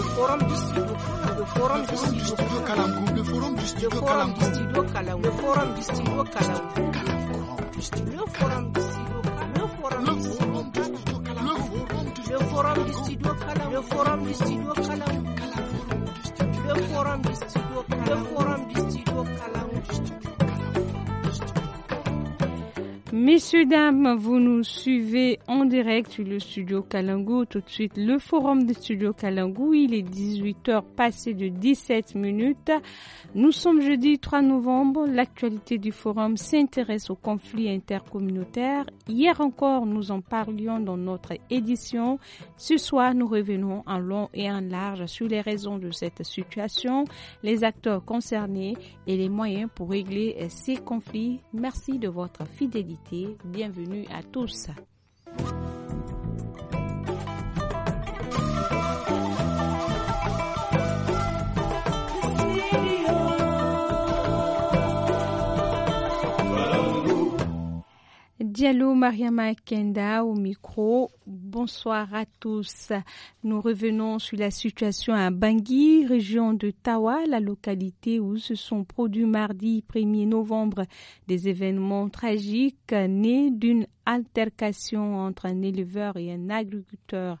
The forum du studio the forum du studio Kalamkou le forum du studio Kalamkou le forum du studio Kalamkou le forum du studio Kalamkou le forum du studio Kalamkou le forum du studio Kalamkou le forum du studio Kalamkou le forum du studio Kalamkou le forum du studio Kalamkou Messieurs, dames, vous nous suivez en direct sur le studio Kalangou. Tout de suite, le forum du studio Kalangou. Il est 18h passé de 17 minutes. Nous sommes jeudi 3 novembre. L'actualité du forum s'intéresse aux conflits intercommunautaires. Hier encore, nous en parlions dans notre édition. Ce soir, nous revenons en long et en large sur les raisons de cette situation, les acteurs concernés et les moyens pour régler ces conflits. Merci de votre fidélité. Bienvenue à tous. Diallo, Mariama Kenda au micro. Bonsoir à tous. Nous revenons sur la situation à Bangui, région de Tawa, la localité où se sont produits mardi 1er novembre des événements tragiques nés d'une altercation entre un éleveur et un agriculteur.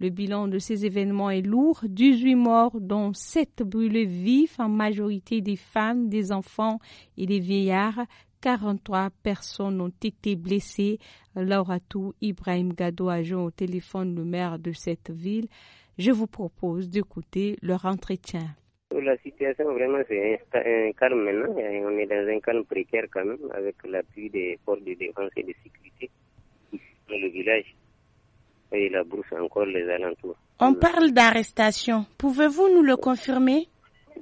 Le bilan de ces événements est lourd. 18 morts, dont 7 brûlés vifs, en majorité des femmes, des enfants et des vieillards. 43 personnes ont été blessées. Tou Ibrahim Gado, agent au téléphone le maire de cette ville, je vous propose d'écouter leur entretien. La situation vraiment c'est un, calme maintenant. On est dans un calme précaire quand même avec l'appui des forces de défense et de sécurité dans le village et la brousse encore les alentours. On parle d'arrestation. Pouvez-vous nous le confirmer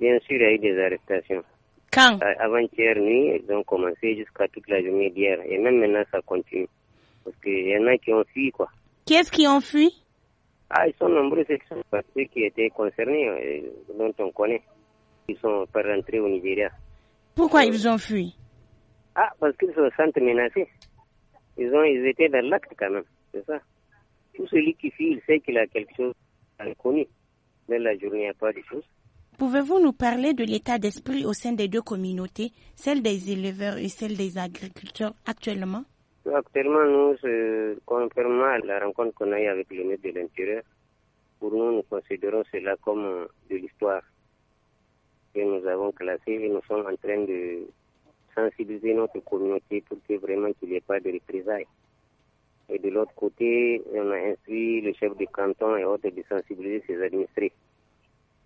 Bien sûr, il y a eu des arrestations. Quand Avant-hier nuit, ils ont commencé jusqu'à toute la journée d'hier. Et même maintenant, ça continue. Parce qu'il y en a qui ont fui, quoi. Qu'est-ce qui ont fui Ah, ils sont nombreux, c'est ceux qui étaient concernés, euh, dont on connaît. Ils sont pas rentrés au Nigeria. Pourquoi euh, ils ont fui Ah, parce qu'ils se sentent menacés. Ils, ont, ils étaient dans l'acte quand même, c'est ça. Tout celui qui fuit, il sait qu'il a quelque chose à Mais la journée, il n'y a pas de choses. Pouvez-vous nous parler de l'état d'esprit au sein des deux communautés, celle des éleveurs et celle des agriculteurs actuellement Actuellement, nous, euh, contrairement à la rencontre qu'on a eue avec le maître de l'Intérieur, pour nous, nous considérons cela comme euh, de l'histoire que nous avons classée et nous sommes en train de sensibiliser notre communauté pour que vraiment qu'il n'y ait pas de représailles. Et de l'autre côté, on a instruit le chef du canton et autres de sensibiliser ses administrés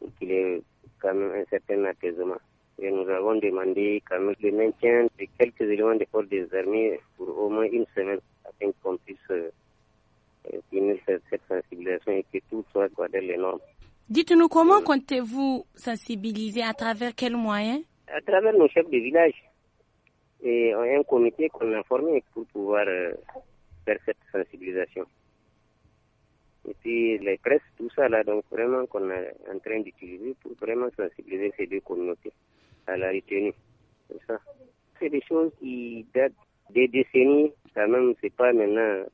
pour qu'il est quand même un certain apaisement. Et nous avons demandé quand même le maintien de quelques éléments des forces des armées pour au moins une semaine afin qu'on puisse eh, finir cette, sensibilisation et que tout soit gardé les normes. Dites-nous comment comptez-vous sensibiliser à travers quels moyens À travers nos chefs de village et un comité qu'on a formé pour pouvoir euh, faire cette sensibilisation et puis les presses, tout ça là, donc vraiment qu'on est en train d'utiliser pour vraiment sensibiliser ces deux communautés à la retenue. C'est ça. C'est des choses qui datent des décennies, ça même, c'est pas maintenant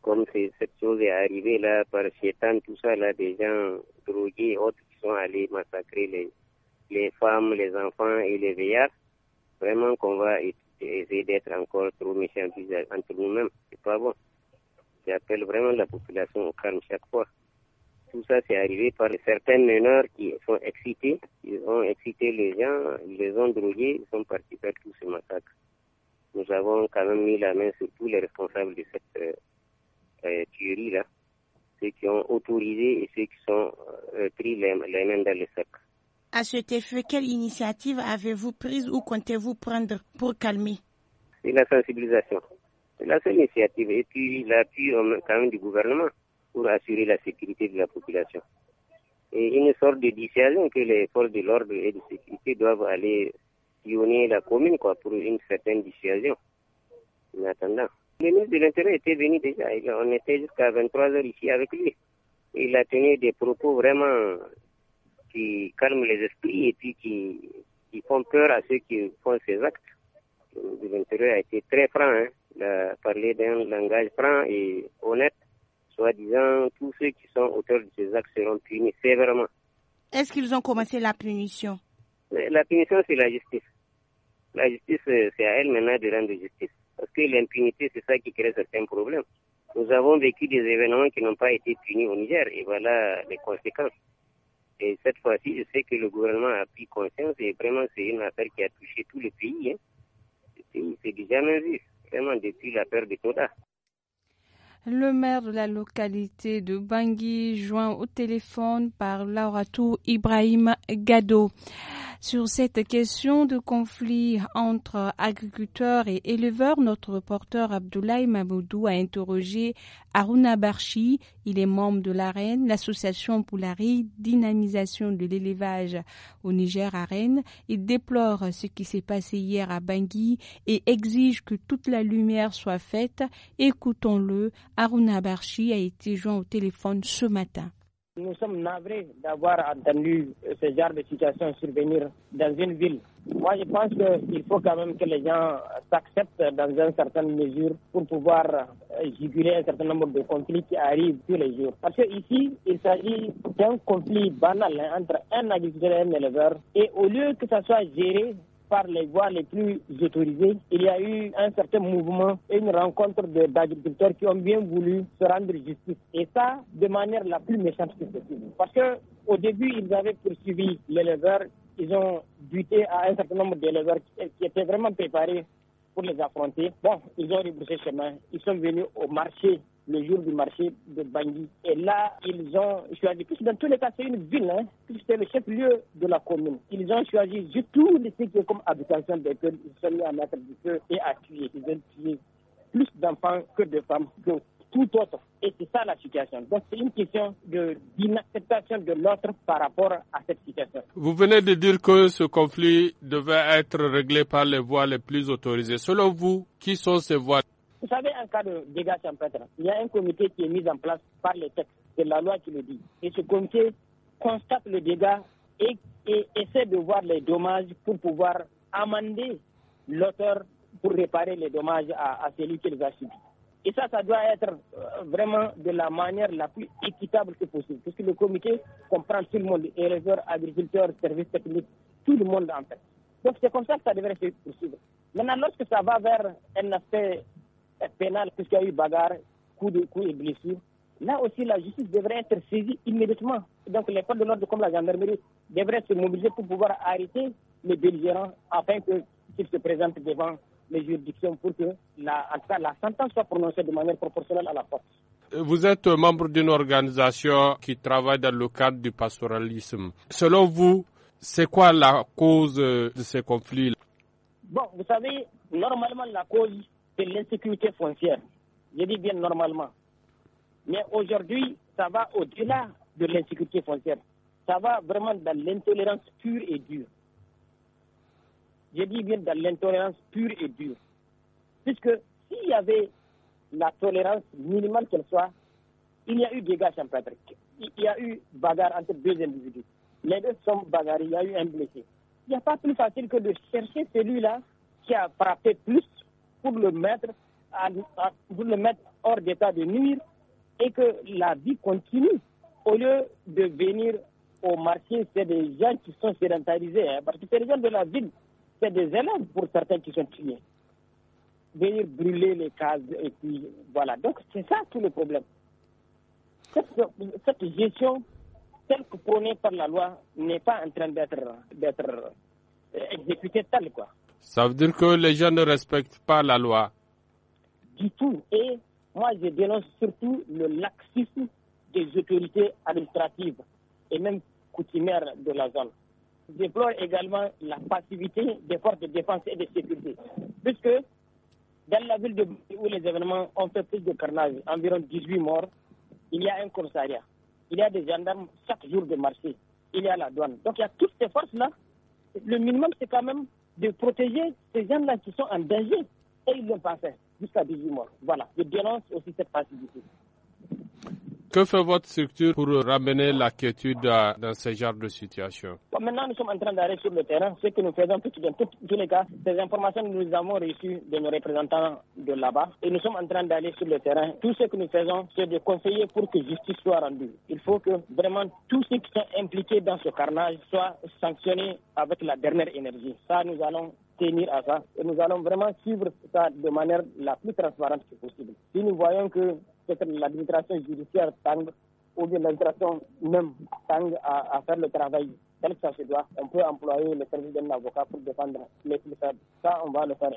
comme cette chose est arrivée là par Chétan, tout ça là, des gens drogués autres qui sont allés massacrer les, les femmes, les enfants et les vieillards. Vraiment qu'on va essayer d'être encore trop méchants entre nous-mêmes. C'est pas bon j'appelle vraiment la population au calme chaque fois. Tout ça, c'est arrivé par certains meneurs qui sont excités. Ils ont excité les gens, ils les ont drogués, ils sont partis faire tous ces massacres. Nous avons quand même mis la main sur tous les responsables de cette euh, euh, tuerie-là, ceux qui ont autorisé et ceux qui sont euh, pris les, mains dans le sac. À cet effet, quelle initiative avez-vous prise ou comptez-vous prendre pour calmer C'est la sensibilisation la seule initiative et puis l'appui quand même du gouvernement pour assurer la sécurité de la population. Et une sorte de dissuasion que les forces de l'ordre et de sécurité doivent aller pionner la commune quoi, pour une certaine dissuasion. En attendant, le ministre de l'Intérieur était venu déjà. On était jusqu'à 23 heures ici avec lui. Il a tenu des propos vraiment qui calment les esprits et puis qui, qui font peur à ceux qui font ces actes. Le ministre de l'Intérieur a été très franc. Hein parler d'un langage franc et honnête, soi-disant tous ceux qui sont auteurs de ces actes seront punis sévèrement. Est-ce qu'ils ont commencé la punition La punition, c'est la justice. La justice, euh, c'est à elle maintenant de rendre justice. Parce que l'impunité, c'est ça qui crée certains problèmes. Nous avons vécu des événements qui n'ont pas été punis au Niger et voilà les conséquences. Et cette fois-ci, je sais que le gouvernement a pris conscience et vraiment, c'est une affaire qui a touché tout le pays. Hein. C'est déjà jamais vu. Le maire de la localité de Bangui, joint au téléphone par Tour Ibrahim Gado. Sur cette question de conflit entre agriculteurs et éleveurs, notre reporter Abdoulaye Mamoudou a interrogé Aruna Barchi. Il est membre de l'AREN, l'association pour la redynamisation de l'élevage au Niger aren Il déplore ce qui s'est passé hier à Bangui et exige que toute la lumière soit faite. Écoutons-le. Aruna Barchi a été joint au téléphone ce matin. Nous sommes navrés d'avoir entendu ce genre de situation survenir dans une ville. Moi, je pense qu'il faut quand même que les gens s'acceptent dans une certaine mesure pour pouvoir euh, juguler un certain nombre de conflits qui arrivent tous les jours. Parce que ici, il s'agit d'un conflit banal entre un agriculteur et un éleveur. Et au lieu que ça soit géré par les voies les plus autorisées, il y a eu un certain mouvement, et une rencontre d'agriculteurs qui ont bien voulu se rendre justice. Et ça, de manière la plus méchante possible. Parce que au début, ils avaient poursuivi l'éleveur. Ils ont buté à un certain nombre d'éleveurs qui, étaient vraiment préparés pour les affronter. Bon, ils ont rebroussé chemin. Ils sont venus au marché le jour du marché de Bangui. Et là, ils ont choisi, puisque dans tous les cas, c'est une ville, hein, puisque c'est le chef-lieu de la commune. Ils ont choisi du tout les qui est comme habitation des peuples. Ils sont mis à mettre du feu et à tuer. Ils ont tué plus d'enfants que de femmes, que tout autre. Et c'est ça la situation. Donc c'est une question d'inacceptation de l'autre par rapport à cette situation. Vous venez de dire que ce conflit devait être réglé par les voies les plus autorisées. Selon vous, qui sont ces voies vous savez, un cas de dégâts champêtres, il y a un comité qui est mis en place par les textes. C'est la loi qui le dit. Et ce comité constate le dégât et, essaie de voir les dommages pour pouvoir amender l'auteur pour réparer les dommages à, celui qui les a subis. Et ça, ça doit être euh, vraiment de la manière la plus équitable que possible, puisque le comité comprend tout le monde, éleveurs, agriculteurs, services techniques, tout le monde en fait. Donc c'est comme ça que ça devrait se poursuivre. Maintenant, lorsque ça va vers un aspect pénale puisqu'il y a eu bagarre, coup, de, coup et blessure, là aussi la justice devrait être saisie immédiatement. Donc les forces de l'ordre comme la gendarmerie devraient se mobiliser pour pouvoir arrêter les belligérants afin qu'ils se présentent devant les juridictions pour que la, la sentence soit prononcée de manière proportionnelle à la force. Euh, vous êtes membre d'une organisation qui travaille dans le cadre du pastoralisme. Selon vous, c'est quoi la cause euh, de ces conflits Bon, vous savez, normalement, la cause c'est l'insécurité foncière. Je dis bien normalement. Mais aujourd'hui, ça va au-delà de l'insécurité foncière. Ça va vraiment dans l'intolérance pure et dure. Je dis bien dans l'intolérance pure et dure. Puisque s'il y avait la tolérance minimale qu'elle soit, il y a eu dégâts Saint-Patrick. Il y a eu bagarre entre deux individus. Les deux sont bagarrés, il y a eu un blessé. Il n'y a pas plus facile que de chercher celui-là qui a frappé plus pour le mettre, à, le mettre hors d'état de nuire et que la vie continue. Au lieu de venir au marché, c'est des gens qui sont sédentarisés, hein. parce que les gens de la ville, c'est des élèves pour certains qui sont tués. Venir brûler les cases et puis voilà. Donc c'est ça tout le problème. Cette, cette gestion telle que prônée par la loi n'est pas en train d'être euh, exécutée telle quoi. Ça veut dire que les gens ne respectent pas la loi. Du tout. Et moi, je dénonce surtout le laxisme des autorités administratives et même coutumières de la zone. Je déplore également la passivité des forces de défense et de sécurité, puisque dans la ville où les événements ont fait plus de carnage, environ 18 morts, il y a un corsariat. il y a des gendarmes chaque jour de marché, il y a la douane. Donc il y a toutes ces forces-là. Le minimum, c'est quand même de protéger ces gens-là qui sont en danger. Et ils l'ont pas fait, jusqu'à 18 mois. Voilà, je dénonce aussi cette partie du que fait votre structure pour ramener la quiétude dans ce genre de situation Maintenant, nous sommes en train d'aller sur le terrain. Ce que nous faisons, tout, dans tous les cas, ces informations que nous avons reçues de nos représentants de là-bas, et nous sommes en train d'aller sur le terrain. Tout ce que nous faisons, c'est de conseiller pour que justice soit rendue. Il faut que vraiment tous ceux qui sont impliqués dans ce carnage soient sanctionnés avec la dernière énergie. Ça, nous allons tenir à ça et nous allons vraiment suivre ça de manière la plus transparente possible. Si nous voyons que l'administration judiciaire tang ou bien l'administration même tang à, faire le travail tel que ça se doit, on peut employer le service d'un avocat pour défendre les plus Ça, on va le faire,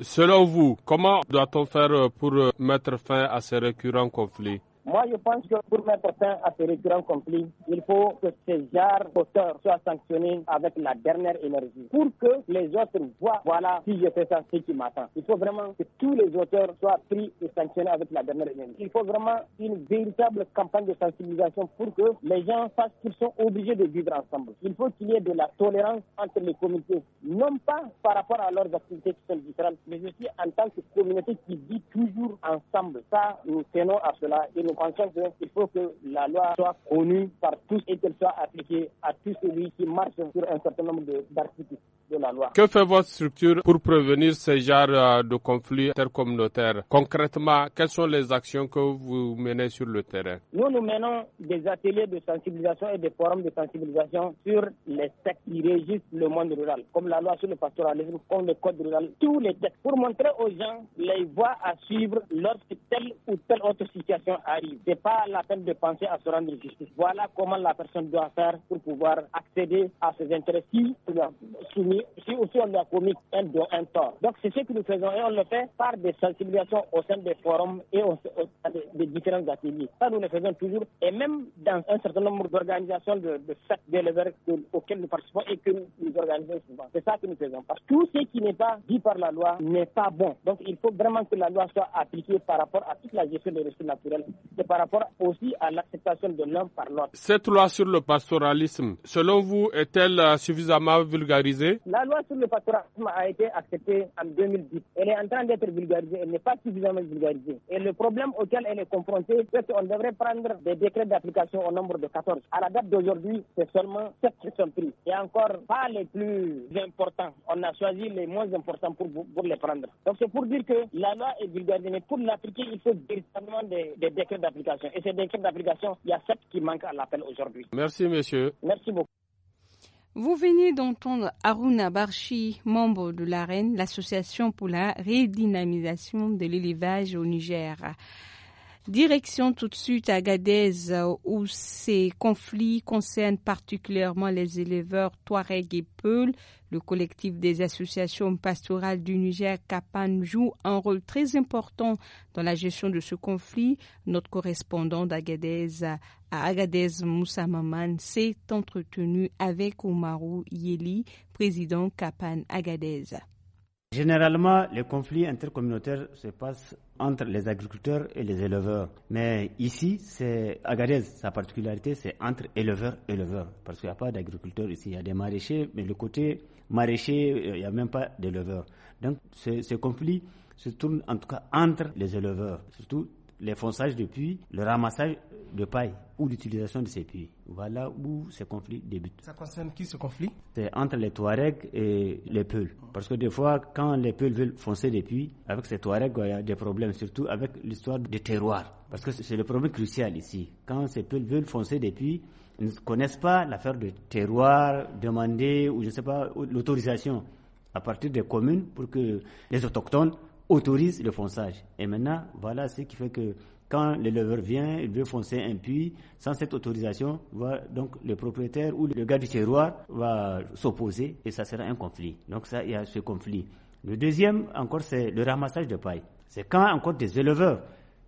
Selon vous, comment doit-on faire pour euh, mettre fin à ces récurrents conflits moi, je pense que pour mettre fin à ce récurrent conflit, il faut que ces auteurs auteurs soient sanctionnés avec la dernière énergie pour que les autres voient, voilà, si je fais ça, c'est qui m'attend. Il faut vraiment que tous les auteurs soient pris et sanctionnés avec la dernière énergie. Il faut vraiment une véritable campagne de sensibilisation pour que les gens sachent qu'ils sont obligés de vivre ensemble. Il faut qu'il y ait de la tolérance entre les communautés, non pas par rapport à leurs activités qui sont différentes, mais aussi en tant que communauté qui vit toujours ensemble. Ça, nous tenons à cela et en faut que la loi soit connue par tous et qu'elle soit appliquée à tous ceux qui marchent sur un certain nombre d'articles de, de la loi. Que fait votre structure pour prévenir ce genre euh, de conflits intercommunautaires Concrètement, quelles sont les actions que vous menez sur le terrain Nous, nous menons des ateliers de sensibilisation et des forums de sensibilisation sur les textes qui régissent le monde rural, comme la loi sur le pastoralisme, comme le code rural, tous les textes, pour montrer aux gens les voies à suivre lorsque telle ou telle autre situation arrive. Ce n'est pas la peine de penser à se rendre justice. Voilà comment la personne doit faire pour pouvoir accéder à ses intérêts si on soumis, si aussi on a commis un, tort. Donc c'est ce que nous faisons et on le fait par des sensibilisations au sein des forums et au, des, différents ateliers. Ça nous le faisons toujours et même dans un certain nombre d'organisations de, de fêtes auxquelles nous participons et que nous organisons souvent. C'est ça que nous faisons. Parce que tout ce qui n'est pas dit par la loi n'est pas bon. Donc il faut vraiment que la loi soit appliquée par rapport à toute la gestion des ressources naturelles c'est par rapport aussi à l'acceptation de l'un par l'autre. Cette loi sur le pastoralisme, selon vous, est-elle euh, suffisamment vulgarisée La loi sur le pastoralisme a été acceptée en 2010. Elle est en train d'être vulgarisée, elle n'est pas suffisamment vulgarisée. Et le problème auquel elle est confrontée, c'est qu'on devrait prendre des décrets d'application au nombre de 14. À la date d'aujourd'hui, c'est seulement 7 qui sont pris. Et encore pas les plus importants. On a choisi les moins importants pour, pour les prendre. Donc c'est pour dire que la loi est vulgarisée, mais pour l'appliquer, il faut véritablement des décrets d'application. Et des équipes d'application, il y a sept qui manquent à l'appel aujourd'hui. Merci, monsieur. Merci beaucoup. Vous venez d'entendre Aruna Barchi, membre de l'AREN, l'Association pour la redynamisation de l'élevage au Niger. Direction tout de suite à Agadez euh, où ces conflits concernent particulièrement les éleveurs Touareg et Peul. Le collectif des associations pastorales du Niger, CAPAN, joue un rôle très important dans la gestion de ce conflit. Notre correspondant d'Agadez à Agadez, Moussa s'est entretenu avec Oumarou Yeli, président CAPAN Agadez. Généralement, les conflits intercommunautaires se passent entre les agriculteurs et les éleveurs. Mais ici, c'est Agadez, sa particularité, c'est entre éleveurs et éleveurs. Parce qu'il n'y a pas d'agriculteurs ici, il y a des maraîchers, mais le côté maraîcher, euh, il n'y a même pas d'éleveurs. Donc ce, conflit se tourne en tout cas entre les éleveurs, surtout les fonçages de puits, le ramassage de paille ou d'utilisation de ces puits. Voilà où ce conflit débute. Ça concerne qui ce conflit C'est entre les Touaregs et les Peuls. Parce que des fois, quand les Peuls veulent foncer des puits, avec ces Touaregs, il y a des problèmes, surtout avec l'histoire des terroirs. Parce que c'est le problème crucial ici. Quand ces Peuls veulent foncer des puits, ils ne connaissent pas l'affaire de terroir, demander, ou je ne sais pas, l'autorisation à partir des communes pour que les autochtones autorisent le fonçage. Et maintenant, voilà ce qui fait que quand l'éleveur vient, il veut foncer un puits sans cette autorisation, donc le propriétaire ou le gars du terroir va s'opposer et ça sera un conflit. Donc ça, il y a ce conflit. Le deuxième, encore, c'est le ramassage de paille. C'est quand encore des éleveurs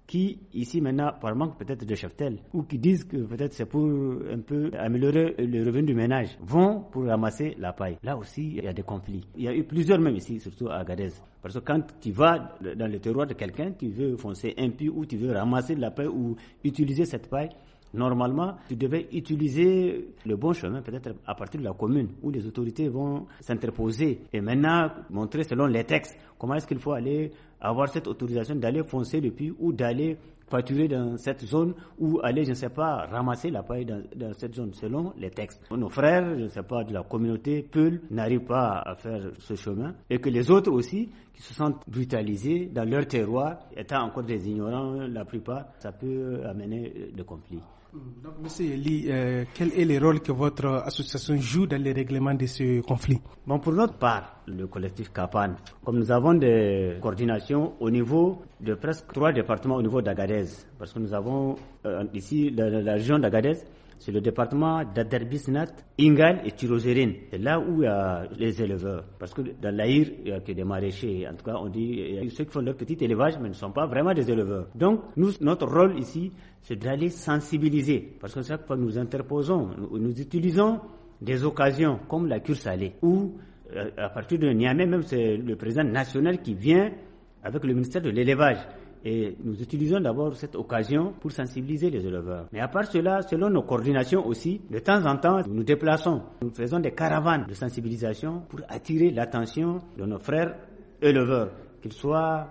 qui, ici maintenant, par manque peut-être de cheftel ou qui disent que peut-être c'est pour un peu améliorer le revenu du ménage, vont pour ramasser la paille. Là aussi, il y a des conflits. Il y a eu plusieurs même ici, surtout à Gadez. Parce que quand tu vas dans le terroir de quelqu'un, tu veux foncer un puits ou tu veux ramasser de la paille ou utiliser cette paille, normalement, tu devais utiliser le bon chemin, peut-être à partir de la commune, où les autorités vont s'interposer et maintenant montrer selon les textes comment est-ce qu'il faut aller avoir cette autorisation d'aller foncer le puits ou d'aller pâturer dans cette zone ou aller, je ne sais pas, ramasser la paille dans, dans cette zone, selon les textes. Nos frères, je ne sais pas, de la communauté Peul n'arrivent pas à faire ce chemin et que les autres aussi, qui se sentent brutalisés dans leur terroir, étant encore des ignorants la plupart, ça peut amener des conflits. Mm, donc, monsieur Eli, euh, quel est le rôle que votre association joue dans le règlement de ce conflit Pour notre part, le collectif Kapan, comme nous avons des coordinations au niveau de presque trois départements au niveau d'Agadez, parce que nous avons euh, ici la région d'Agadez, c'est le département d'Aderbisnat, Ingal et Tirozérine. C'est là où il y a les éleveurs. Parce que dans l'Aïr, il n'y a que des maraîchers. En tout cas, on dit y a ceux qui font leur petit élevage, mais ne sont pas vraiment des éleveurs. Donc, nous, notre rôle ici, c'est d'aller sensibiliser. Parce que chaque fois que nous interposons, nous, utilisons des occasions comme la cure salée, ou euh, à partir de Niamey, même c'est le président national qui vient avec le ministère de l'élevage et nous utilisons d'abord cette occasion pour sensibiliser les éleveurs. Mais à part cela, selon nos coordinations aussi, de temps en temps, nous nous déplaçons. Nous faisons des caravanes de sensibilisation pour attirer l'attention de nos frères éleveurs, qu'ils soient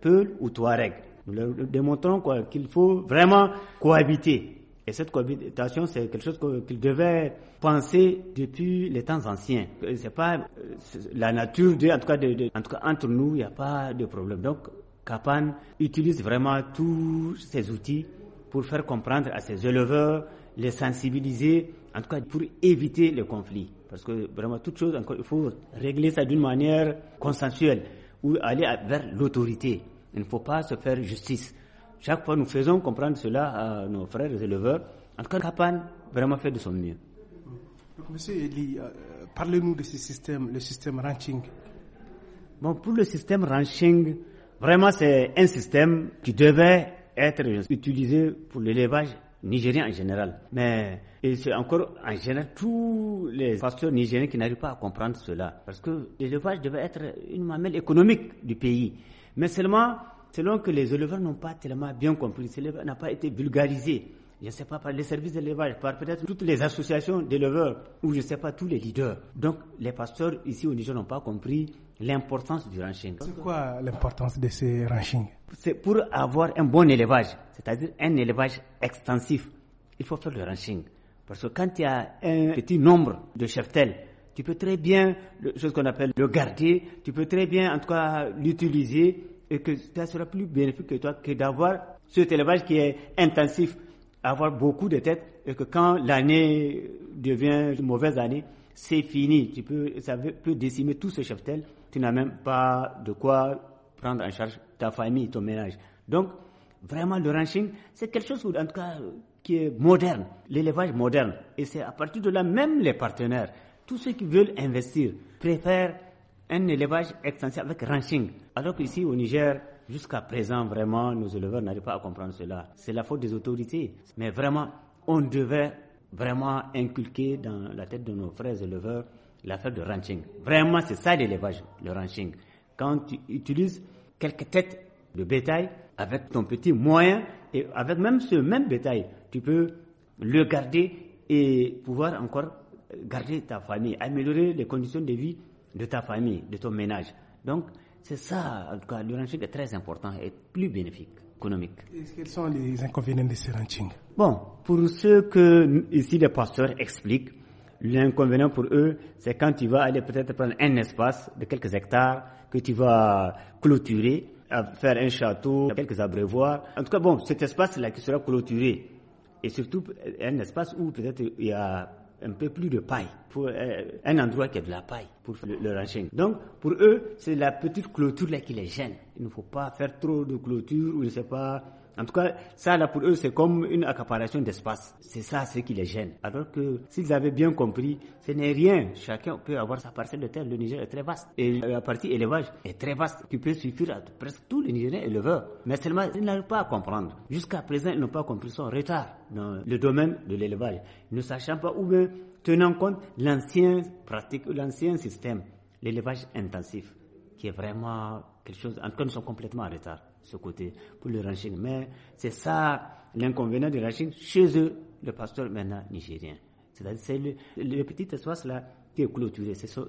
Peul ou Touareg. Nous leur démontrons qu'il faut vraiment cohabiter. Et cette cohabitation, c'est quelque chose qu'ils devaient penser depuis les temps anciens. C'est pas euh, la nature de, tout cas, en tout cas entre nous, il n'y a pas de problème. Donc, Kapan utilise vraiment tous ses outils pour faire comprendre à ses éleveurs, les sensibiliser, en tout cas pour éviter les conflits. Parce que vraiment, toute chose, il faut régler ça d'une manière consensuelle ou aller vers l'autorité. Il ne faut pas se faire justice. Chaque fois, nous faisons comprendre cela à nos frères éleveurs. En tout cas, Kapan vraiment fait de son mieux. monsieur Eli, euh, parlez-nous de ce système, le système ranching. Bon, pour le système ranching, Vraiment, c'est un système qui devait être utilisé pour l'élevage nigérien en général. Mais c'est encore en général tous les pasteurs nigériens qui n'arrivent pas à comprendre cela. Parce que l'élevage devait être une mamelle économique du pays. Mais seulement, selon que les éleveurs n'ont pas tellement bien compris, cela n'a pas été vulgarisé. Je ne sais pas, par les services d'élevage, par peut-être toutes les associations d'éleveurs, ou je ne sais pas, tous les leaders. Donc, les pasteurs ici au Niger n'ont pas compris l'importance du ranching. C'est quoi l'importance de ce ranching C'est pour avoir un bon élevage, c'est-à-dire un élevage extensif. Il faut faire le ranching. Parce que quand il y a un petit nombre de cheptels, tu peux très bien, ce qu'on appelle le garder, tu peux très bien en tout cas l'utiliser et que ça sera plus bénéfique que toi que d'avoir cet élevage qui est intensif, avoir beaucoup de têtes et que quand l'année devient une mauvaise année, c'est fini. Tu peux, ça peut décimer tout ce cheptel. Tu n'as même pas de quoi prendre en charge ta famille, ton ménage. Donc, vraiment, le ranching, c'est quelque chose, en tout cas, qui est moderne, l'élevage moderne. Et c'est à partir de là, même les partenaires, tous ceux qui veulent investir, préfèrent un élevage extensif avec ranching. Alors qu'ici, au Niger, jusqu'à présent, vraiment, nos éleveurs n'arrivent pas à comprendre cela. C'est la faute des autorités. Mais vraiment, on devait vraiment inculquer dans la tête de nos frères éleveurs l'affaire de ranching. Vraiment, c'est ça l'élevage, le ranching. Quand tu utilises quelques têtes de bétail avec ton petit moyen et avec même ce même bétail, tu peux le garder et pouvoir encore garder ta famille, améliorer les conditions de vie de ta famille, de ton ménage. Donc, c'est ça, en tout cas, le ranching est très important et plus bénéfique, économique. quels sont les inconvénients de ce ranching Bon, pour ce que ici les pasteurs expliquent, l'inconvénient pour eux, c'est quand tu vas aller peut-être prendre un espace de quelques hectares que tu vas clôturer, faire un château, quelques abreuvoirs. En tout cas, bon, cet espace-là qui sera clôturé. Et surtout, un espace où peut-être il y a un peu plus de paille, pour, euh, un endroit qui a de la paille pour le, le ranching. Donc, pour eux, c'est la petite clôture là qui les gêne. Il ne faut pas faire trop de clôture ou je ne sais pas, en tout cas, ça là pour eux, c'est comme une accaparation d'espace. C'est ça ce qui les gêne. Alors que s'ils avaient bien compris, ce n'est rien. Chacun peut avoir sa parcelle de terre. Le Niger est très vaste. Et euh, la partie élevage est très vaste, qui peut suffire à presque tous les Nigériens éleveurs. Mais seulement, ils n'arrivent pas à comprendre. Jusqu'à présent, ils n'ont pas compris son retard dans le domaine de l'élevage, ne sachant pas où bien tenant compte l'ancien pratique, l'ancien système, l'élevage intensif, qui est vraiment quelque chose, en tout cas, nous sommes complètement en retard ce côté pour le ranching. Mais c'est ça l'inconvénient du ranching chez eux, le pasteur maintenant nigérien. C'est-à-dire c'est le, petit espace là qui est clôturé, c'est, c'est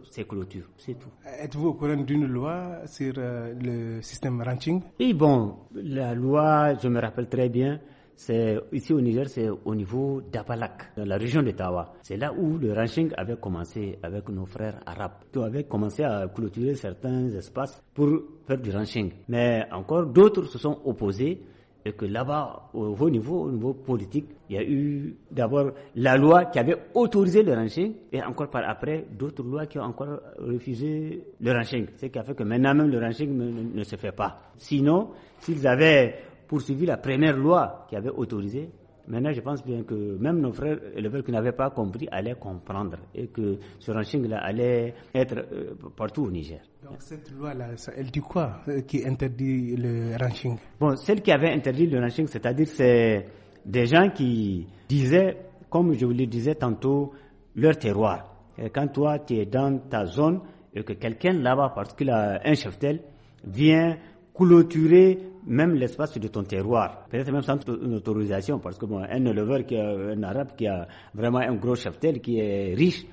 c'est tout. Euh, êtes-vous au courant d'une loi sur euh, le système ranching Oui, bon, la loi, je me rappelle très bien, c'est ici au Niger, c'est au niveau Dapalak dans la région de Tawa. C'est là où le ranching avait commencé avec nos frères arabes, qui avaient commencé à clôturer certains espaces pour faire du ranching. Mais encore d'autres se sont opposés et que là-bas, au haut niveau, au niveau politique, il y a eu d'abord la loi qui avait autorisé le ranching et encore par après d'autres lois qui ont encore refusé le ranching. Ce qui a fait que maintenant même le ranching ne se fait pas. Sinon, s'ils avaient poursuivi la première loi qui avait autorisé. Maintenant, je pense bien que même nos frères et éleveurs qui n'avaient pas compris allaient comprendre et que ce ranching-là allait être euh, partout au Niger. Donc cette loi-là, elle dit quoi euh, qui interdit le ranching Bon, celle qui avait interdit le ranching, c'est-à-dire c'est des gens qui disaient, comme je vous le disais tantôt, leur terroir. quand toi, tu es dans ta zone et que quelqu'un là-bas, parce qu'il a un cheftel, vient clôturer même l'espace de ton terroir, peut-être même sans autorisation, parce que bon, un éleveur, qui un arabe qui a vraiment un gros cheptel, qui est riche,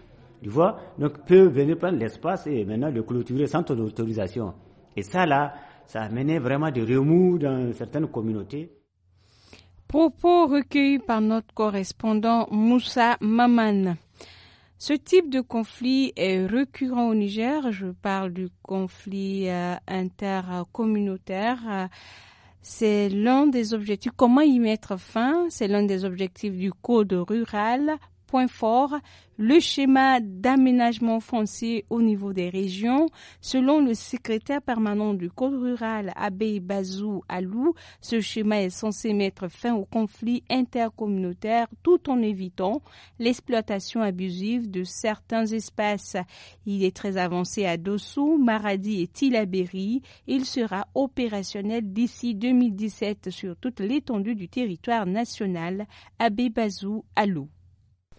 tu vois, donc peut venir prendre l'espace et maintenant le clôturer sans ton autorisation. Et ça, là, ça a mené vraiment des remous dans certaines communautés. Propos recueillis par notre correspondant Moussa Maman. Ce type de conflit est récurrent au Niger. Je parle du conflit euh, intercommunautaire. C'est l'un des objectifs. Comment y mettre fin C'est l'un des objectifs du Code rural Point fort, le schéma d'aménagement foncier au niveau des régions. Selon le secrétaire permanent du Code rural, Abbé Bazou Alou, ce schéma est censé mettre fin aux conflits intercommunautaires tout en évitant l'exploitation abusive de certains espaces. Il est très avancé à Dossou, Maradi et Tilabéry. Il sera opérationnel d'ici 2017 sur toute l'étendue du territoire national. Abbé Bazou Alou.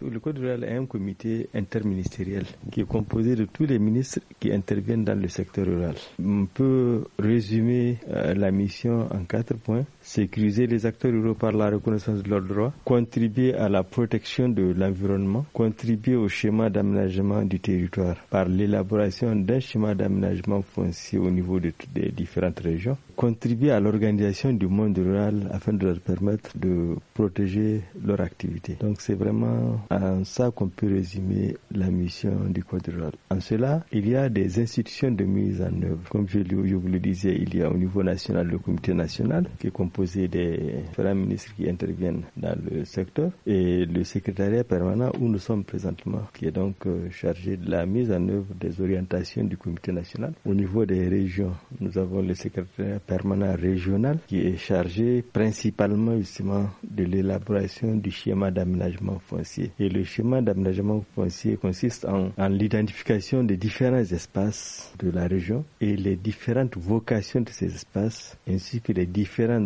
Le Code rural est un comité interministériel qui est composé de tous les ministres qui interviennent dans le secteur rural. On peut résumer euh, la mission en quatre points sécuriser les acteurs ruraux par la reconnaissance de leurs droits, contribuer à la protection de l'environnement, contribuer au schéma d'aménagement du territoire par l'élaboration d'un schéma d'aménagement foncier au niveau de, des différentes régions, contribuer à l'organisation du monde rural afin de leur permettre de protéger leur activité. Donc c'est vraiment en ça qu'on peut résumer la mission du Code rural. En cela, il y a des institutions de mise en œuvre. Comme je, je vous le disais, il y a au niveau national le comité national qui est des ministres qui interviennent dans le secteur et le secrétariat permanent où nous sommes présentement, qui est donc euh, chargé de la mise en œuvre des orientations du comité national. Au niveau des régions, nous avons le secrétariat permanent régional qui est chargé principalement justement de l'élaboration du schéma d'aménagement foncier. Et le schéma d'aménagement foncier consiste en, en l'identification des différents espaces de la région et les différentes vocations de ces espaces ainsi que les différents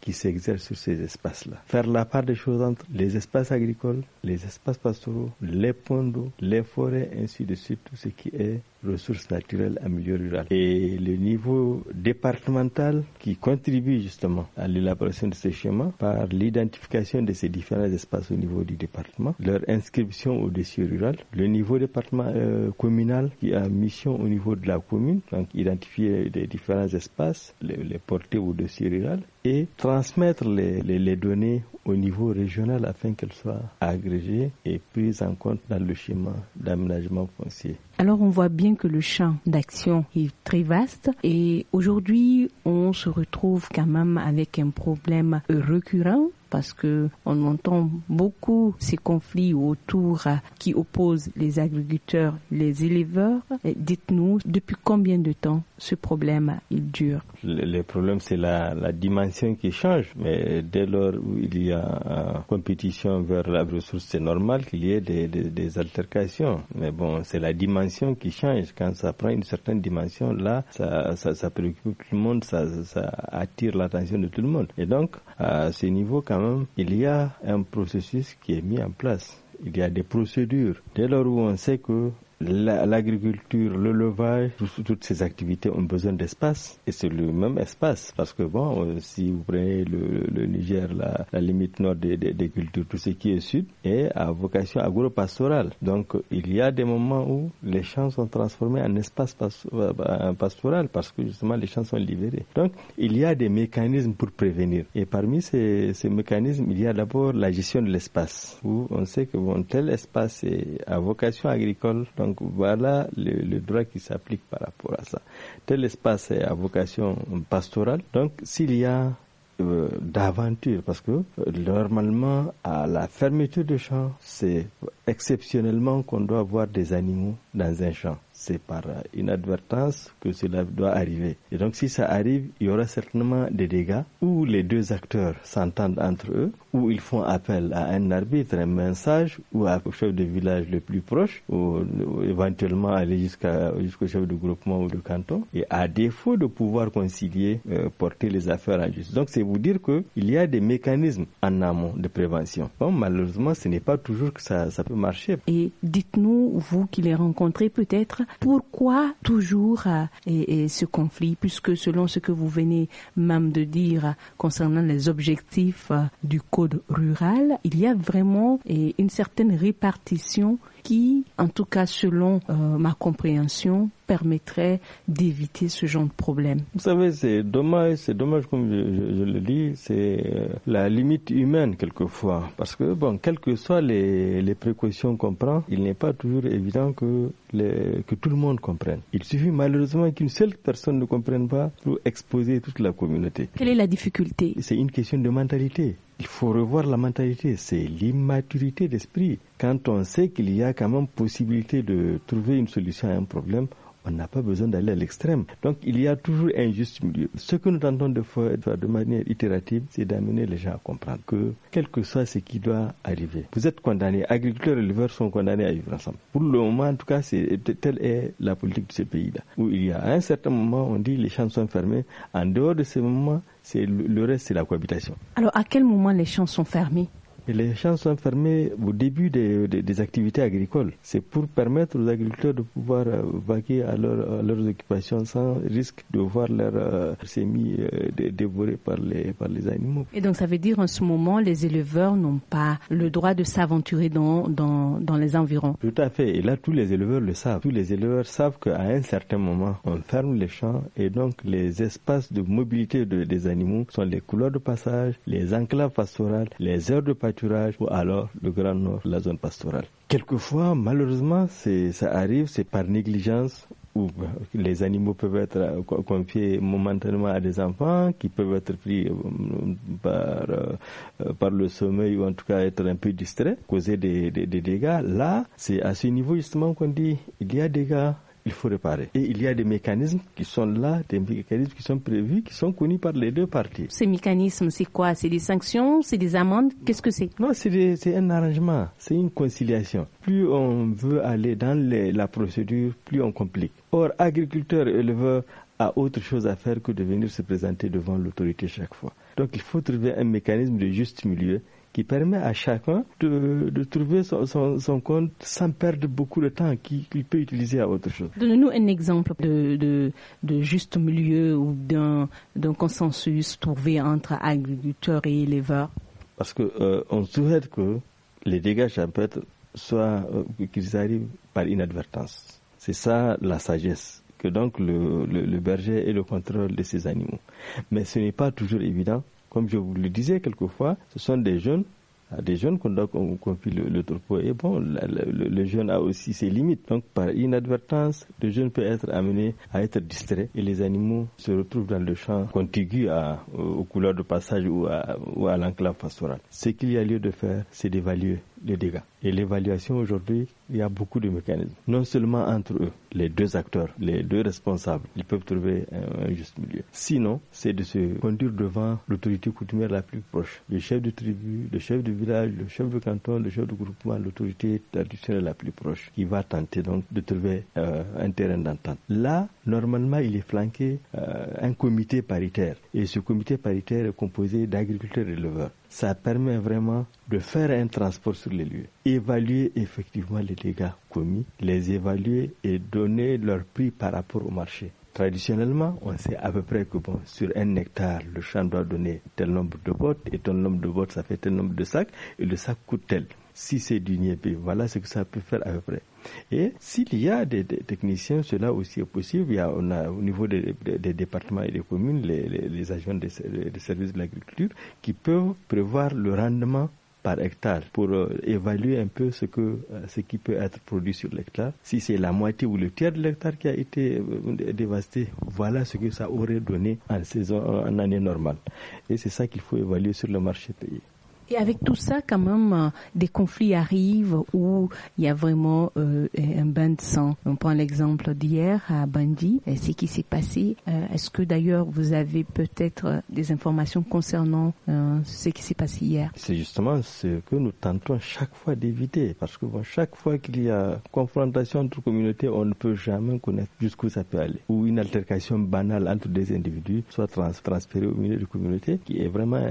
qui s'exercent sur ces espaces-là. Faire la part des choses entre les espaces agricoles, les espaces pastoraux, les ponts d'eau, les forêts, ainsi de suite, tout ce qui est ressources naturelles en milieu rural. Et le niveau départemental qui contribue justement à l'élaboration de ces schémas par l'identification de ces différents espaces au niveau du département, leur inscription au dossier rural, le niveau département euh, communal qui a mission au niveau de la commune, donc identifier les différents espaces, les, porter au dossier rural et transmettre les, les, les données au niveau régional afin qu'elles soient agrégées et prises en compte dans le schéma d'aménagement foncier. Alors on voit bien que le champ d'action est très vaste et aujourd'hui on se retrouve quand même avec un problème récurrent parce que on entend beaucoup ces conflits autour qui opposent les agriculteurs, les éleveurs. Dites-nous, depuis combien de temps ce problème il dure Le, problème, c'est la, dimension qui change. Mais dès lors où il y a euh, compétition vers la ressource, c'est normal qu'il y ait des, altercations. Mais bon, c'est la dimension qui change. Quand ça prend une certaine dimension, là, ça, préoccupe tout le monde, ça, ça attire l'attention de tout le monde. Et donc, à ce niveau, quand il y a un processus qui est mis en place. Il y a des procédures. Dès lors où on sait que l'agriculture, le levage, toutes ces activités ont besoin d'espace et c'est le même espace parce que bon, euh, si vous prenez le, Niger, la, limite nord des, cultures, tout ce qui est sud est à vocation agro-pastorale. Donc il y a des moments où les champs sont transformés en espace euh, pastoral parce que justement les champs sont libérés. Donc il y a des mécanismes pour prévenir et parmi ces, mécanismes, il y a d'abord la gestion de l'espace où on sait que bon, tel espace est à vocation agricole, donc donc voilà le, droit qui s'applique par rapport à ça. Tel espace est à vocation pastorale. Donc s'il y a euh, d'aventure parce que euh, normalement à la fermeture de champ, c'est exceptionnellement qu'on doit voir des animaux dans un champ c'est par inadvertance que cela doit arriver. Et donc si ça arrive, il y aura certainement des dégâts où les deux acteurs s'entendent entre eux, où ils font appel à un arbitre, un mensage, ou à un chef de village le plus proche, ou, éventuellement aller jusqu'à jusqu'au chef de groupement ou de canton, et à défaut de pouvoir concilier, euh, porter les affaires en justice. Donc c'est vous dire qu'il y a des mécanismes en amont de prévention. Bon, malheureusement, ce n'est pas toujours que ça, ça peut marcher. Et dites-nous, vous qui les rencontrez peut-être, pourquoi toujours euh, ce conflit Puisque selon ce que vous venez même de dire concernant les objectifs euh, du code rural, il y a vraiment une certaine répartition qui, en tout cas selon euh, ma compréhension, permettrait d'éviter ce genre de problème. Vous savez, c'est dommage, c'est dommage comme je, je, le dis, c'est euh, la limite humaine quelquefois, parce que bon, quelles que soient les, les précautions qu'on prend, il n'est pas toujours évident que les, que tout le monde comprenne. Il suffit malheureusement qu'une seule personne ne comprenne pas pour exposer toute la communauté. Quelle est la difficulté C'est une question de mentalité il faut revoir la mentalité, c'est l'immaturité d'esprit. Quand on sait qu'il y a quand même possibilité de trouver une solution à un problème, on n'a pas besoin d'aller à l'extrême. Donc il y a toujours un juste milieu. Ce que nous tentons de faire de manière itérative, c'est d'amener les gens à comprendre que quel que soit ce qui doit arriver, vous êtes condamnés, agriculteurs et éleveurs sont condamnés à vivre ensemble. Pour le moment, en tout cas, c'est, telle est la politique de ce pays-là, où il y a un certain moment, on dit les champs sont fermés. En dehors de ce moment, le reste, c'est la cohabitation. Alors à quel moment les champs sont fermés les champs sont fermés au début des, activités agricoles. C'est pour permettre aux agriculteurs de pouvoir euh, vaquer à, leurs occupations sans risque de voir leurs euh, semis euh, dévorés par les, par les animaux. Et donc ça veut dire en ce moment, les éleveurs n'ont pas le droit de s'aventurer dans, dans, dans, les environs. Tout à fait. Et là, tous les éleveurs le savent. Tous les éleveurs savent qu'à un certain moment, on ferme les champs et donc les espaces de mobilité des animaux sont les couloirs de passage, les enclaves pastorales, les heures de passage ou alors le Grand Nord, la zone pastorale. Quelquefois, malheureusement, ça arrive, c'est par négligence où les animaux peuvent être confiés momentanément à des enfants qui peuvent être pris euh, par, euh, par le sommeil ou en tout cas être un peu distraits, causer des, des, des dégâts. Là, c'est à ce niveau justement qu'on dit il y a des dégâts il faut réparer. Et il y a des mécanismes qui sont là, des mécanismes qui sont prévus, qui sont connus par les deux parties. Ces mécanismes, c'est quoi C'est des sanctions C'est des amendes Qu'est-ce que c'est Non, c'est un arrangement, c'est une conciliation. Plus on veut aller dans la procédure, plus on complique. Or, agriculteur et éleveurs a autre chose à faire que de venir se présenter devant l'autorité chaque fois. Donc il faut trouver un mécanisme de juste milieu qui permet à chacun de, trouver son, compte sans perdre beaucoup de temps qu'il peut utiliser à autre chose. Donnez-nous un exemple de, de, juste milieu ou d'un consensus trouvé entre agriculteurs et éleveurs. Parce que euh, on souhaite que les dégâts champêtres soient euh, qu'ils arrivent par inadvertance. C'est ça la sagesse que donc le, berger ait le contrôle de ses animaux. Mais ce n'est pas toujours évident comme je vous le disais quelquefois, ce sont des jeunes, ah, des jeunes qu'on doit le, troupeau. Et bon, le, jeune a aussi ses limites. Donc, par inadvertance, le jeune peut être amené à être distrait et les animaux se retrouvent dans le champ contigu à, aux couleurs de passage ou à, ou à l'enclave pastorale. Ce qu'il y a lieu de faire, c'est d'évaluer dégâts. Et l'évaluation aujourd'hui, il y a beaucoup de mécanismes. Non seulement entre eux, les deux acteurs, les deux responsables, ils peuvent trouver euh, un, juste milieu. Sinon, c'est de se conduire devant l'autorité coutumière la plus proche. Le chef de tribu, le chef de village, le chef de canton, le chef de groupement, l'autorité traditionnelle la plus proche, qui va tenter donc de trouver euh, un terrain d'entente. Là, normalement, il est flanqué euh, un comité paritaire. Et ce comité paritaire est composé d'agriculteurs et éleveurs ça permet vraiment de faire un transport sur les lieux, évaluer effectivement les dégâts commis, les évaluer et donner leur prix par rapport au marché. Traditionnellement, on sait à peu près que bon, sur un hectare, le champ doit donner tel nombre de bottes et tel nombre de bottes, ça fait tel nombre de sacs et le sac coûte tel si c'est du niébé, voilà ce que ça peut faire à peu près. Et s'il y a des, techniciens, cela aussi est possible. Il on a au niveau des, départements et des communes, les, agents des, services de l'agriculture qui peuvent prévoir le rendement par hectare pour euh, évaluer un peu ce que euh, ce qui peut être produit sur l'hectare. Si c'est la moitié ou le tiers de l'hectare qui a été euh, dévasté, voilà ce que ça aurait donné en saison en année normale. Et c'est ça qu'il faut évaluer sur le marché payé. Et avec tout ça, quand même, euh, des conflits arrivent où il y a vraiment euh, un bain de sang. On prend l'exemple d'hier à Bandi, ce qui s'est passé. Euh, est-ce que d'ailleurs vous avez peut-être des informations concernant ce qui s'est passé hier C'est justement ce que nous tentons chaque fois d'éviter, parce que chaque fois qu'il y a confrontation entre communautés, on ne peut jamais connaître jusqu'où ça peut aller. Ou une altercation banale entre des individus soit trans transférée au milieu de communauté, qui est vraiment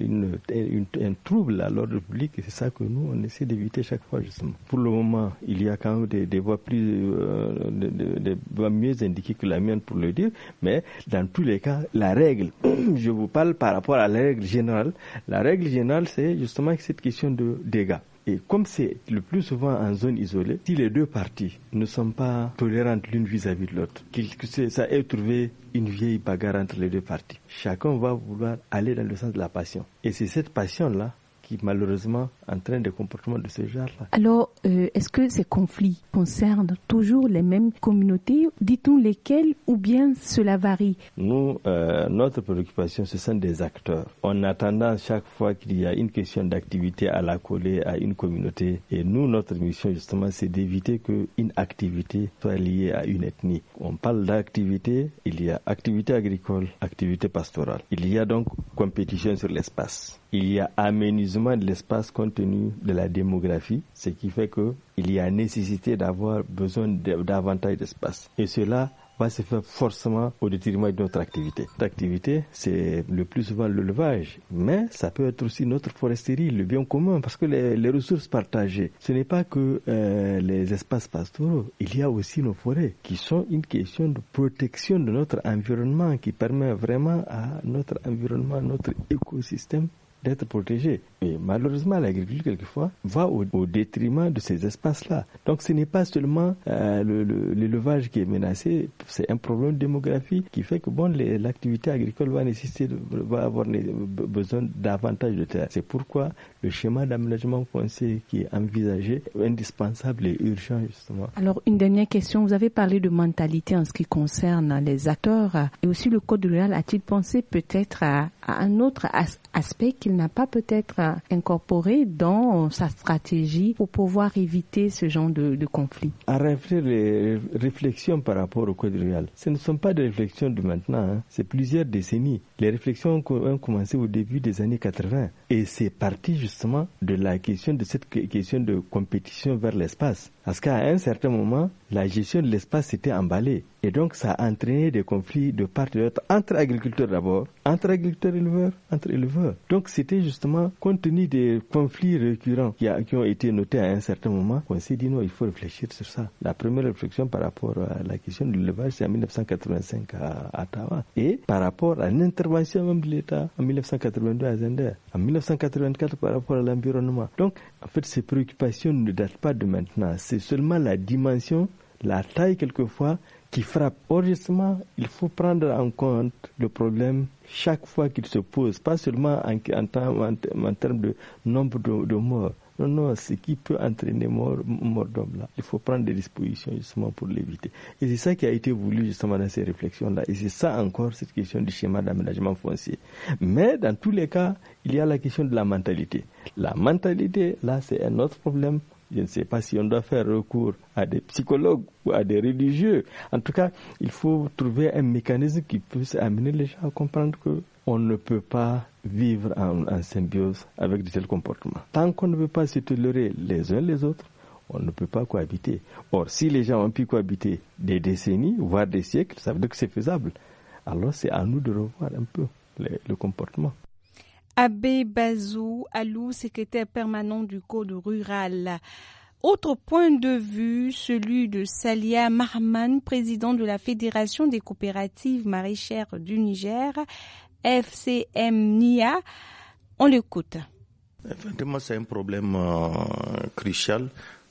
une, une un trouble à l'ordre public et c'est ça que nous, on essaie d'éviter chaque fois, justement. Pour le moment, il y a quand même des, des plus, euh, des, des, voies mieux indiquées que la mienne pour le dire, mais dans tous les cas, la règle, je vous parle par rapport à la règle générale, la règle générale, c'est justement cette question de dégâts. Et comme c'est le plus souvent en zone isolée, si les deux parties ne sont pas tolérantes l'une vis-à-vis de l'autre, que ça ait trouvé une vieille bagarre entre les deux parties, chacun va vouloir aller dans le sens de la passion. Et c'est cette passion-là qui malheureusement train des comportements de ce genre-là. Alors, euh, est-ce que ces conflits concernent toujours les mêmes communautés, dit-on lesquelles, ou bien cela varie Nous, euh, notre préoccupation, ce sont des acteurs. En attendant, chaque fois qu'il y a une question d'activité à la coller à une communauté, et nous, notre mission justement, c'est d'éviter une activité soit liée à une ethnie. On parle d'activité, il y a activité agricole, activité pastorale. Il y a donc compétition sur l'espace. Il y a aménisation de l'espace compte tenu de la démographie, ce qui fait qu'il y a nécessité d'avoir besoin davantage d'espace. Et cela va se faire forcément au détriment de notre activité. activité c'est le plus souvent l'élevage, mais ça peut être aussi notre foresterie, le bien commun, parce que les, ressources partagées, ce n'est pas que euh, les espaces pastoraux, il y a aussi nos forêts, qui sont une question de protection de notre environnement, qui permet vraiment à notre environnement, notre écosystème d'être protégés. Mais malheureusement, l'agriculture, quelquefois, va au, détriment de ces espaces-là. Donc ce n'est pas seulement euh, l'élevage qui est menacé, c'est un problème démographique qui fait que bon, l'activité agricole va, nécessiter, va avoir besoin davantage de terres. C'est pourquoi le schéma d'aménagement foncier qui est envisagé est indispensable et urgent, justement. Alors, une dernière question. Vous avez parlé de mentalité en ce qui concerne les acteurs et aussi le Code rural. A-t-il pensé peut-être à, à un autre aspect aspect qu'il n'a pas peut-être euh, incorporé dans sa stratégie pour pouvoir éviter ce genre de, conflit À réfléchir les réflexions par rapport au code rural, ce ne sont pas des réflexions de maintenant, hein. c'est plusieurs décennies. Les réflexions ont commencé au début des années 80 et c'est parti justement de la question de cette question de compétition vers l'espace. Parce qu'à un certain moment, la gestion de l'espace s'était emballée. Et donc, ça a entraîné des conflits de part et d'autre, entre agriculteurs d'abord, entre agriculteurs et éleveurs, entre éleveurs. Donc, c'était justement, compte tenu des conflits récurrents qui, ont été notés à un certain moment, qu'on s'est dit non, il faut réfléchir sur ça. La première réflexion par rapport à la question de l'élevage, c'est en 1985 à, Et par rapport à l'intervention même de l'État en 1982 à Zender, en 1984 par rapport à l'environnement. Donc, en fait, ces préoccupations ne datent pas de maintenant. C'est seulement la dimension, la taille quelquefois, qui frappe. Or, justement, il faut prendre en compte le problème chaque fois qu'il se pose, pas seulement en, termes, de nombre de, morts. Non, non, ce qui peut entraîner mort, mort d'homme, là, il faut prendre des dispositions justement pour l'éviter. Et c'est ça qui a été voulu justement dans ces réflexions-là. Et c'est ça encore, cette question du schéma d'aménagement foncier. Mais dans tous les cas, il y a la question de la mentalité. La mentalité, là, c'est un autre problème. Je ne sais pas si on doit faire recours à des psychologues ou à des religieux. En tout cas, il faut trouver un mécanisme qui puisse amener les gens à comprendre que on ne peut pas vivre en, symbiose avec de tels comportements. Tant qu'on ne peut pas se tolérer les uns les autres, on ne peut pas cohabiter. Or, si les gens ont pu cohabiter des décennies, voire des siècles, ça veut dire que c'est faisable. Alors c'est à nous de revoir un peu le comportement. Abbé Bazou Alou, secrétaire permanent du Code rural. Autre point de vue, celui de Salia Marman, président de la Fédération des coopératives maraîchères du Niger, FCM NIA. On l'écoute. Effectivement, c'est un problème euh, crucial.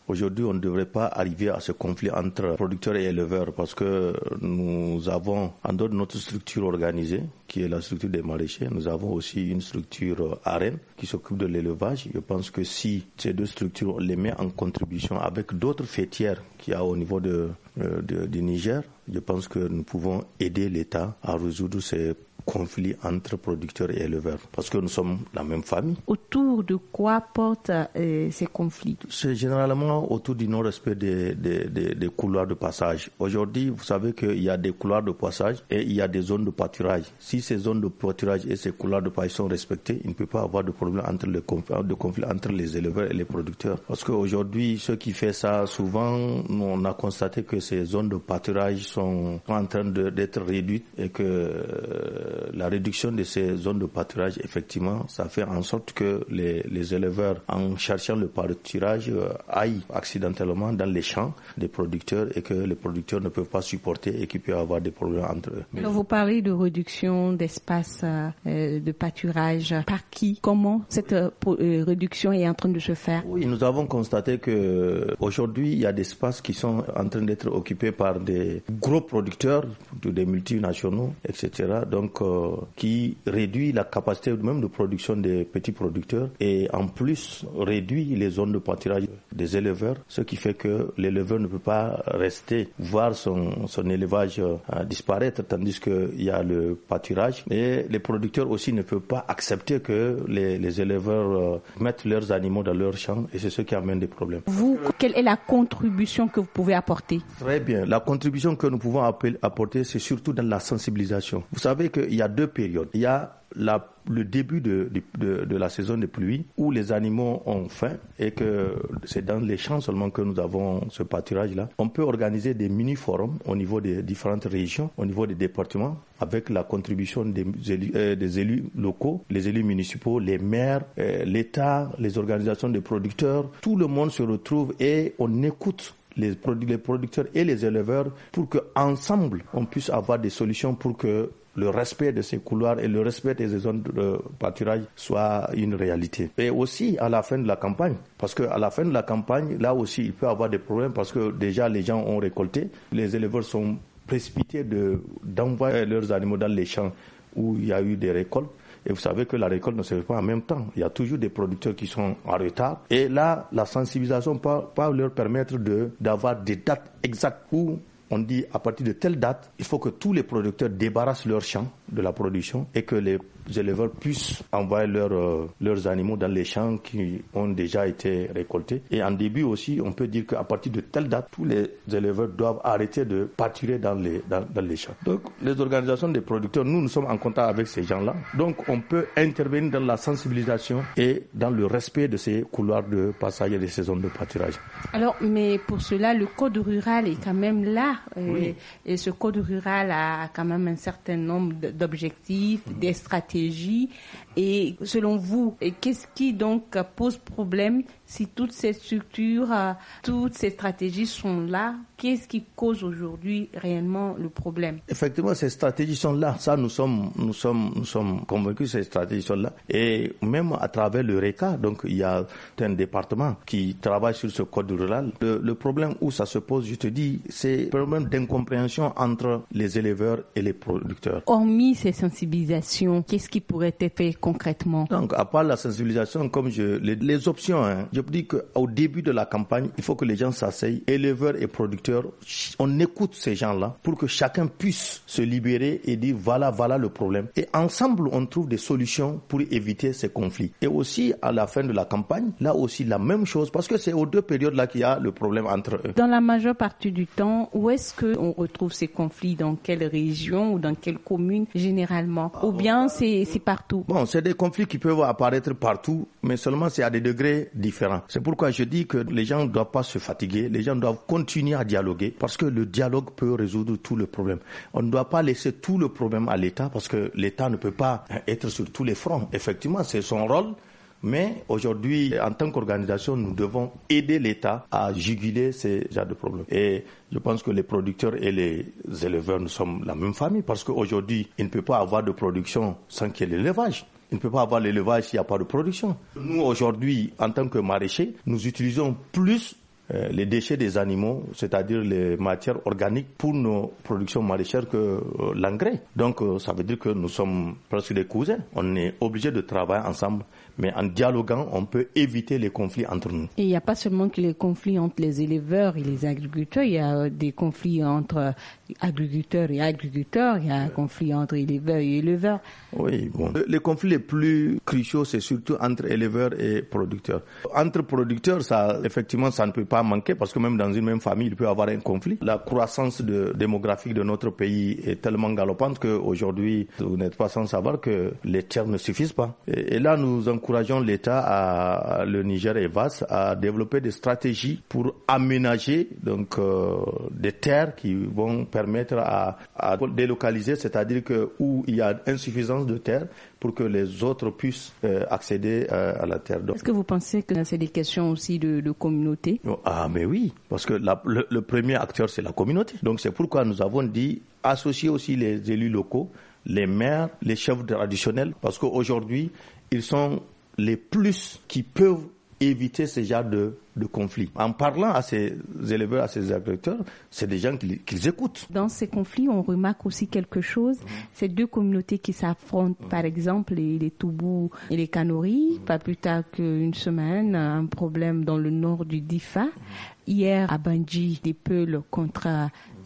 Aujourd'hui, on ne devrait pas arriver à ce conflit entre producteurs et éleveurs parce que nous avons, en notre structure organisée, qui est la structure des maraîchers. Nous avons aussi une structure à euh, Rennes qui s'occupe de l'élevage. Je pense que si ces deux structures, les met en contribution avec d'autres fêtières qu'il y a au niveau euh, de, du Niger, je pense que nous pouvons aider l'État à résoudre ces conflits entre producteurs et éleveurs, parce que nous sommes la même famille. Autour de quoi portent euh, ces conflits C'est généralement autour du non-respect des, des, couloirs de passage. Aujourd'hui, vous savez qu'il y a des couloirs de passage et il y a des zones de pâturage. Si ces zones de pâturage et ces couloirs de paille sont respectés, il ne peut pas avoir de problème entre les de conflit entre les éleveurs et les producteurs. Parce qu'aujourd'hui, ceux qui font ça, souvent, on a constaté que ces zones de pâturage sont en train d'être réduites et que euh, la réduction de ces zones de pâturage, effectivement, ça fait en sorte que les, éleveurs, en cherchant le pâturage, euh, aillent accidentellement dans les champs des producteurs et que les producteurs ne peuvent pas supporter et qu'il peut y avoir des problèmes entre eux. vous parlez de réduction d'espace euh, de pâturage Par qui Comment cette euh, euh, réduction est en train de se faire Oui, nous avons constaté que aujourd'hui, il y a des espaces qui sont en train d'être occupés par des gros producteurs, des multinationaux, etc. Donc, qui réduit la capacité même de production des petits producteurs et en plus réduit les zones de pâturage des éleveurs, ce qui fait que l'éleveur ne peut pas rester voir son, son élevage disparaître, tandis qu'il y a le pâturage et les producteurs aussi ne peuvent pas accepter que les, les éleveurs euh, mettent leurs animaux dans leurs champs et c'est ce qui amène des problèmes. Vous, quelle est la contribution que vous pouvez apporter Très bien. La contribution que nous pouvons apporter, c'est surtout dans la sensibilisation. Vous savez qu'il y a deux périodes. Il y a la, le début de, de, de, la saison des pluies où les animaux ont faim et que c'est dans les champs seulement que nous avons ce pâturage-là. On peut organiser des mini-forums au niveau des différentes régions, au niveau des départements, avec la contribution des élus, euh, des élus locaux, les élus municipaux, les maires, euh, l'État, les organisations de producteurs. Tout le monde se retrouve et on écoute les, producteurs et les éleveurs pour que ensemble on puisse avoir des solutions pour que le respect de ces couloirs et le respect des zones de pâturage soit une réalité. Et aussi à la fin de la campagne, parce qu'à la fin de la campagne, là aussi, il peut y avoir des problèmes parce que déjà les gens ont récolté, les éleveurs sont précipités d'envoyer leurs animaux dans les champs où il y a eu des récoltes. Et vous savez que la récolte ne se fait pas en même temps. Il y a toujours des producteurs qui sont en retard. Et là, la sensibilisation peut, leur permettre d'avoir des dates exactes où on dit à partir de telle date, il faut que tous les producteurs débarrassent leurs champs de la production et que les éleveurs puissent envoyer leur, euh, leurs animaux dans les champs qui ont déjà été récoltés. Et en début aussi, on peut dire qu'à partir de telle date, tous les éleveurs doivent arrêter de pâturer dans les, dans, les champs. Donc, les organisations des producteurs, nous, nous sommes en contact avec ces gens-là. Donc, on peut intervenir dans la sensibilisation et dans le respect de ces couloirs de passage et de ces zones de pâturage. Alors, mais pour cela, le code rural est quand même là. Euh, et ce code rural a quand même un certain nombre de d'objectifs, des stratégies. Et selon vous, qu'est-ce qui donc pose problème si toutes ces structures, euh, toutes ces stratégies sont là Qu'est-ce qui cause aujourd'hui réellement le problème Effectivement, ces stratégies sont là. Ça, nous sommes, nous sommes, nous sommes convaincus ces stratégies sont là. Et même à travers le RECA, donc il y a un département qui travaille sur ce code rural. Le, problème où ça se pose, je te dis, c'est le problème d'incompréhension entre les éleveurs et les producteurs. Hormis ces sensibilisations, qu'est-ce qui pourrait être fait concrètement Donc, à part la sensibilisation, comme je les, options, hein. je dis qu'au début de la campagne, il faut que les gens s'asseyent, éleveurs et producteurs, on écoute ces gens-là pour que chacun puisse se libérer et dire voilà, voilà le problème. Et ensemble, on trouve des solutions pour éviter ces conflits. Et aussi, à la fin de la campagne, là aussi, la même chose, parce que c'est aux deux périodes-là qu'il y a le problème entre eux. Dans la majeure partie du temps, où est-ce qu'on retrouve ces conflits Dans quelle région ou dans quelle commune généralement ah, Ou bien c'est partout Bon, c'est des conflits qui peuvent apparaître partout, mais seulement c'est à des degrés différents. C'est pourquoi je dis que les gens ne doivent pas se fatiguer, les gens doivent continuer à dialoguer, parce que le dialogue peut résoudre tout le problème. On ne doit pas laisser tout le problème à l'État, parce que l'État ne peut pas être sur tous les fronts. Effectivement, c'est son rôle mais aujourd'hui, en tant qu'organisation, nous devons aider l'État à juguler ces genres de problèmes. Et je pense que les producteurs et les éleveurs, nous sommes la même famille parce qu'aujourd'hui, il ne peut pas avoir de production sans qu'il y ait l'élevage. Il ne peut pas avoir l'élevage s'il n'y a pas de production. Nous, aujourd'hui, en tant que maraîchers, nous utilisons plus euh, les déchets des animaux, c'est-à-dire les matières organiques pour nos productions maraîchères que euh, l'engrais. Donc euh, ça veut dire que nous sommes presque des cousins. On est obligé de travailler ensemble mais en dialoguant, on peut éviter les conflits entre nous. Et il n'y a pas seulement que les conflits entre les éleveurs et les agriculteurs, il y a euh, des conflits entre agriculteurs et agriculteurs, il y a un conflit entre éleveurs et éleveurs. Oui, bon. Les conflits les plus cruciaux, c'est surtout entre éleveurs et producteurs. Entre producteurs, ça, effectivement, ça ne peut pas manquer parce que même dans une même famille, il peut y avoir un conflit. La croissance démographique de notre pays est tellement galopante qu'aujourd'hui, vous n'êtes pas sans savoir que les terres ne suffisent pas. Et, et là, nous encourageons l'État à, le Niger et VAS à développer des stratégies pour aménager donc euh, des terres qui vont permettre à, délocaliser, c'est-à-dire que où il y a insuffisance de terres pour que les autres puissent euh, accéder euh, à, la terre. Est-ce que vous pensez que c'est des questions aussi de, communauté oh, Ah mais oui, parce que le, le premier acteur c'est la communauté. Donc c'est pourquoi nous avons dit associer aussi les élus locaux les maires, les chefs traditionnels, parce qu'aujourd'hui, ils sont les plus qui peuvent éviter ce genre de, de conflits. En parlant à ces éleveurs, à ces agriculteurs, c'est des gens qu'ils écoutent. Dans ces conflits, on remarque aussi quelque chose. Ces deux communautés qui s'affrontent, par exemple, les, Toubou et les Kanouris, pas plus tard qu'une semaine, un problème dans le nord du Difa. Hier, à Bandji, des Peuls contre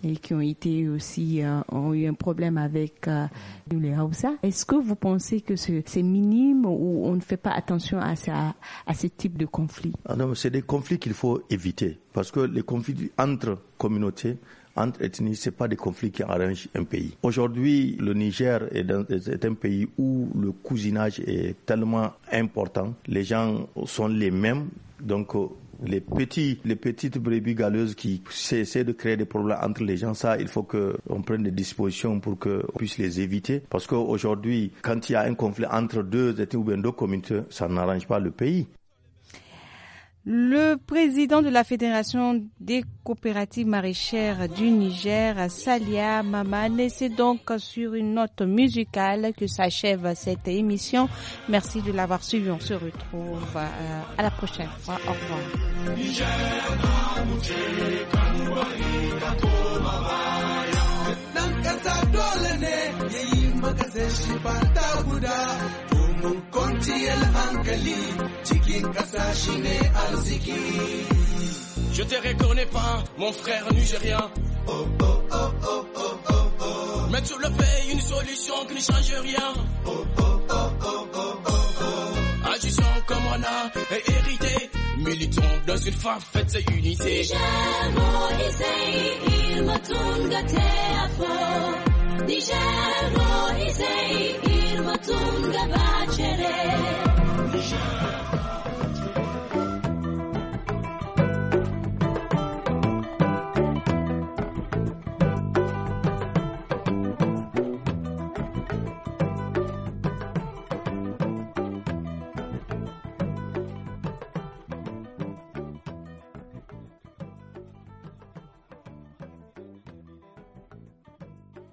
et qui ont été aussi euh, ont eu un problème avec euh, les Hausa. Est-ce que vous pensez que c'est minime ou on ne fait pas attention à ça, à ce type de conflit ah Non, c'est des conflits qu'il faut éviter parce que les conflits entre communautés entre ethnies, ce pas des conflits qui arrangent un pays. Aujourd'hui, le Niger est, est, un pays où le cousinage est tellement important. Les gens sont les mêmes. Donc, euh, les petits, les petites brebis galeuses qui essaient de créer des problèmes entre les gens, ça, il faut qu'on prenne des dispositions pour qu'on puisse les éviter. Parce qu'aujourd'hui, quand il y a un conflit entre deux États ou bien deux communautés, ça n'arrange pas le pays. Le président de la Fédération des coopératives maraîchères du Niger, Salia Mamane, c'est donc sur une note musicale que s'achève cette émission. Merci de l'avoir suivi. On se retrouve euh, à la prochaine fois. Au revoir kwanciyar hankali cikin kasa shine arziki. Je te reconnais pas, mon frère nigérien. Oh, oh, oh, oh, oh, oh, oh. Mais tu le fais une solution qui ne change rien. Oh, oh, oh, oh, oh, oh, oh. Agissons comme on a et hérité. Militons dans une femme, faite et unité. Si Niger rohizei, irmatun gabaçere. Niger.